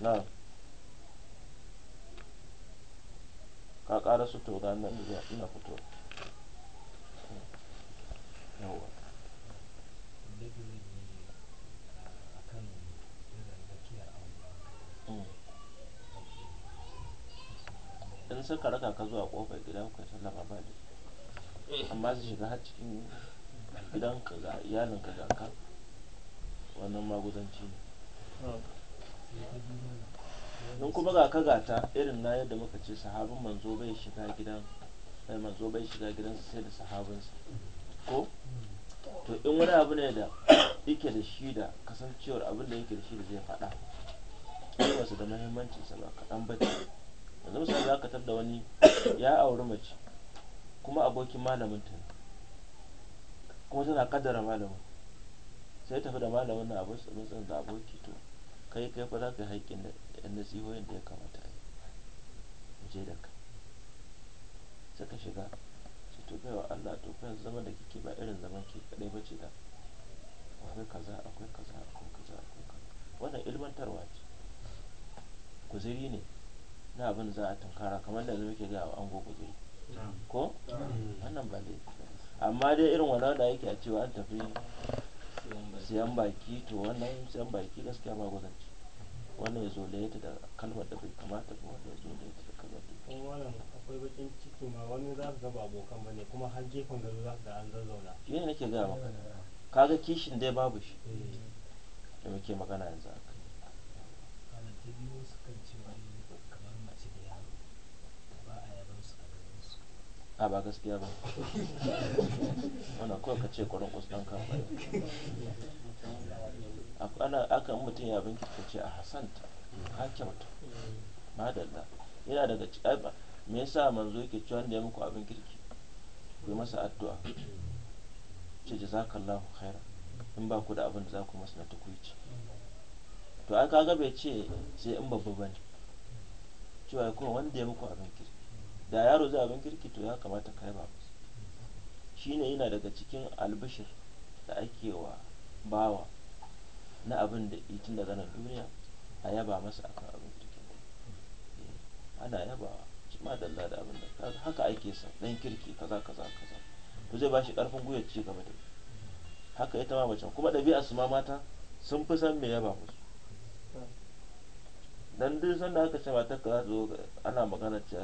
[SPEAKER 1] na ka kara su to ga nan ina fito mm. in suka raka ka zuwa kofar gida ku sallama ba da amma su shiga har cikin gidanka ga iyalinka ga ka wannan maguzanci
[SPEAKER 2] ne Don kuma ga ka
[SPEAKER 1] gata irin na yadda muka ce sahabin manzo bai shiga gidan sai eh, manzo bai shiga sai da sahabinsa ko to in wani abu ne da yake da shi da kasancewar abin da yake da shi da zai faɗa kuma masu da muhimmanci ba kaɗan ba ce yanzu misali za ka da wani ya auri mace kuma abokin malamin ta kuma tana kaddara malamin sai tafi da malamin na abin tsamin da aboki to kai kai fa za ka yi haƙƙin da yan da ya kamata a yi je da ka suka shiga su tobe wa Allah to fa zaman da kike ba irin zaman ke kadai bace da akwai kaza akwai kaza akwai kaza akwai kaza wannan ilmantarwa ce guziri ne na abin za a tunkara kamar da yanzu muke ga an guziri ko mm. wannan ba laifi amma dai irin wannan da yake a cewa an tafi siyan baki to wannan siyan baki gaskiya ba gwazanci wannan ya zolaye ta da kalmar da bai kamata ba wannan ya zolaye ta da kalmar da
[SPEAKER 3] kuma wannan akwai bakin ciki ma wani za su ga
[SPEAKER 1] abokan bane kuma har gefen gado za su ga an zazzauna shi ne nake gaya maka kaga kishin dai babu shi eh. da muke magana yanzu akai
[SPEAKER 2] a ba gaskiya ba wanda kawai ka ce kwarin kusurin kamfani
[SPEAKER 1] a aka mutum ya binki ka ce a hasanta ka kyauta madalla yana daga cikin me yasa manzo yake cewa wanda ya muku abin kirki ku yi masa addu'a ce lafi khaira in ba ku da abin da za ku masa na tukuici to aka kaga bai ce sai in babba bane cewa kuma wanda ya muku abin kirki da yaro zai abin kirki to ya kamata kai ba shine yana daga cikin albishir da ake wa bawa na abin da itin da zanen duniya a yaba masa kan abin kirki eh, ana yabawa shi ma dalla da abin da haka ake sa dan kirki kaza kaza kaza to zai ba shi karfin gwiwa ci gaba da haka ita ma bacin kuma ɗabi'a su ma mata sun fi san me yaba musu dan duk sanda aka ce matar ka za zo ana magana ce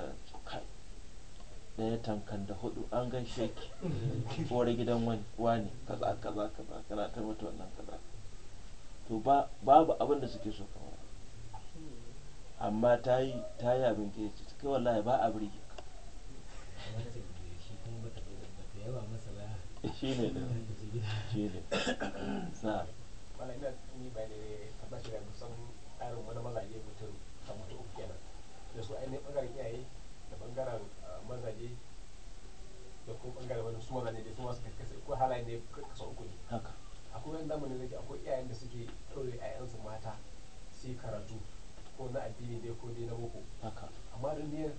[SPEAKER 1] ɗaya tankan da hudu an gaishe ki kore gidan wani kaza kaza kaza kana ta mutu wannan kaza to babu abin da suke so kamar amma ta yi ta yi abin ke ce kai laye ba a birge ka
[SPEAKER 3] eh, shi ne da shi ne na ba ne da tsarin wani da ne. ɓangaren ah, mazaje da kuma ɓangaren wani su mazaje da su masu kakkasa ko halaye ne kasa uku ne akwai wani zamanin da akwai iyayen da suke ɗaure ƴaƴansu mata sai karatu ko na addini dai ko dai na boko amma da ne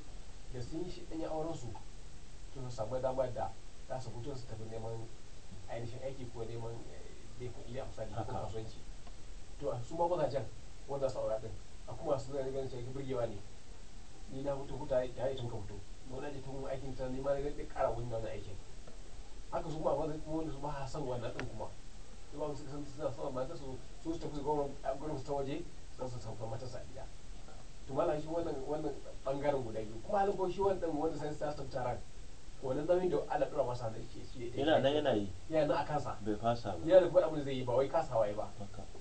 [SPEAKER 3] da sun yi shi ɗanyen auren su to su samu damar da za su fito su tafi neman ainihin aiki ko neman eh, dai kuɗi a misali ko kasuwanci to su ma mazajen wanda su aura ɗin a kuma su zai ganin cewa burgewa ne ni na hutu huta ya yi sun ka hutu wani aji tun aikin ta ne daga ɗin ƙara wani wani aikin haka su kuma wani zai kuma su ba san wannan ɗin kuma su ba su san suna son mata su su su tafi gwamnan su ta waje sun su sauka mata sa gida to malam shi wannan wannan bangaren guda biyu kuma halin ko shi wannan wanda sai ta tsafta ran wannan nauyin da Allah dora masa da yake shi yana nan yana yi ya na a kasa.
[SPEAKER 1] bai fasa ba
[SPEAKER 3] yana da kuma abin da zai yi ba wai kasawa yi ba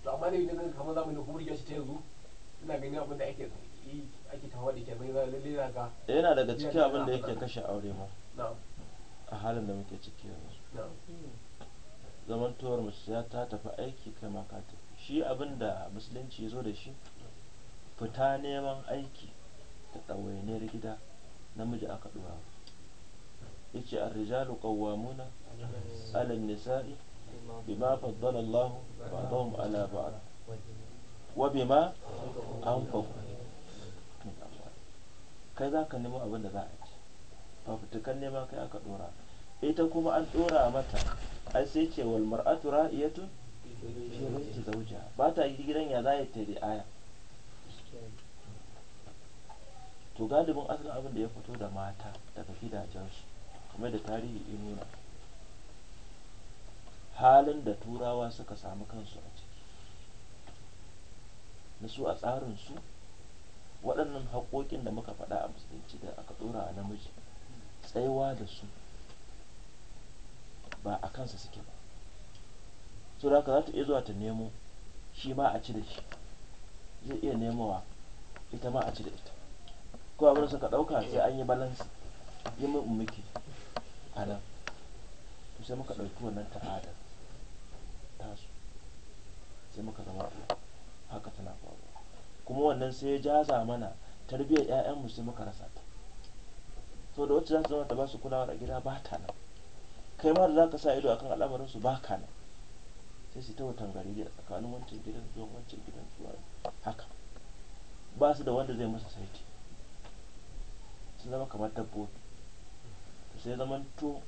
[SPEAKER 3] to amma ne ne kamar zamu da kuma rigya shi ta yanzu ina ganin abin da ake yi Eh, yana daga cikin abin da yake kashe aure ma
[SPEAKER 1] a halin da muke ciki yanzu zamantowar ya ta tafi aiki kai ma shi abin da musulunci zo da shi fita neman aiki da ɗawainiyar gida namiji aka ɗora ce a rijalu qawwamuna na, an-nisa'i bima faddala Allahu ba'dahum 'ala ba'd wa bima kai za ka nemo abin da za a ci fafutukan nema kai aka dora ita kuma an dora mata ai sai ce wal mar'atu ra'iyatu fi
[SPEAKER 2] rizqi
[SPEAKER 1] ba ta gidan ya za ya tare aya to galibin asalin abin da ya fito da mata daga gidajen su kamar da tarihi ya nuna halin da turawa suka samu kansu a ciki na su a tsarin su. waɗannan haƙoƙin da muka faɗa a musulunci da aka ɗora a namiji tsaiwa da su ba a kansa suke ba su da za ta iya zuwa ta nemo shi ma a ci da shi zai iya nemowa ita ma a ci da ita ko abin suka ɗauka sai an yi balansi yi min muke a nan sai muka ɗauki wannan ta'adar tasu sai muka zama haka tana faru kuma wannan sai ya jaza mana tarbiyyar yayan sai muka rasa ta so da wacce za su zama ta ba su kulawar a gida ba ta nan kai ma da za ka sa ido akan al'amarin su ba ka nan sai su ta wutan gari a tsakanin wancan gidan zuwa wancan gidan zuwa haka ba su da wanda zai masa saiti sun zama kamar dabbobi sai zama to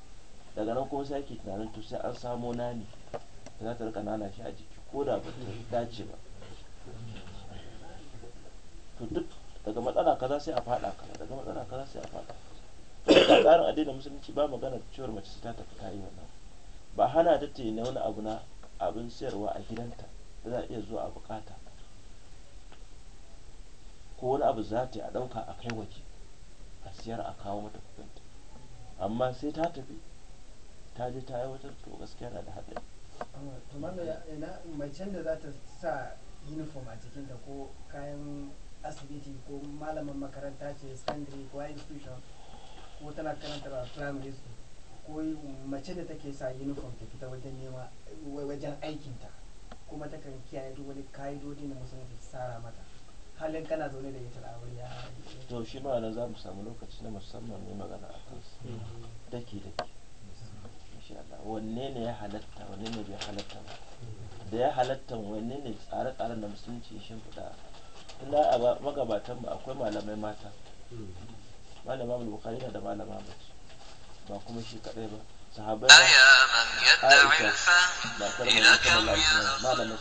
[SPEAKER 1] daga nan kuma sai ake tunanin to sai an samo nani da za ta rika nana shi a jiki ko da ba ta dace ba to duk daga matsala kaza sai a fada ka daga matsala kaza sai a fada kaza to da tsarin addinin musulunci ba magana cewar mace ta tafi ta yi wannan ba hana ta ta yi wani abu na abin sayarwa a gidanta da za a iya zuwa a bukata ko wani abu za ta yi a ɗauka a kai waje a siyar a kawo mata kudinta amma sai ta tafi ta je ta aiwatar to gaskiya na da haɗari
[SPEAKER 3] to mai da za ta sa uniform a cikinta ko kayan asibiti ko malamin makaranta ce secondary ko institution ko tana karanta primary school ko mace da take sa uniform ta fita wajen nema wajen aikinta kuma ta kan kiyaye duk wani ka'idodi na musulunci ta tsara mata halin kana zaune da ita a wuri ya
[SPEAKER 1] to shi ma nan za mu samu lokaci na musamman mai magana a kan su dake mm-hmm. daki wanne ne ya halatta wanne ne bai halatta ba mm-hmm. da ya halatta wanne ne tsare-tsaren da musulunci ya shimfiɗa illa a magabatan ba akwai malamai mata malama mai bukari na da malama mace ba kuma shi kadai ba sahabai ba aisha ba kar mai yake da lafiya malama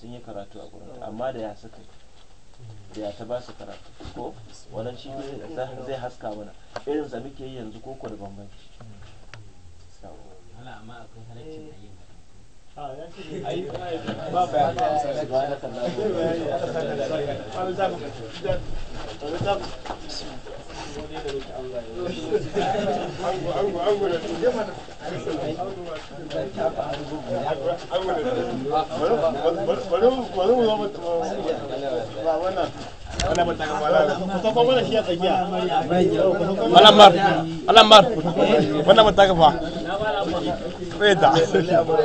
[SPEAKER 1] sun yi karatu a gurin mm. amma da ya suka da ya ta ba su karatu ko wani shi zai haska mana irin sa muke yi yanzu koko da bambanci mm.
[SPEAKER 3] amma akwai halaccin yin Alamar, alamar,
[SPEAKER 1] wannan mata gafa. Vedate.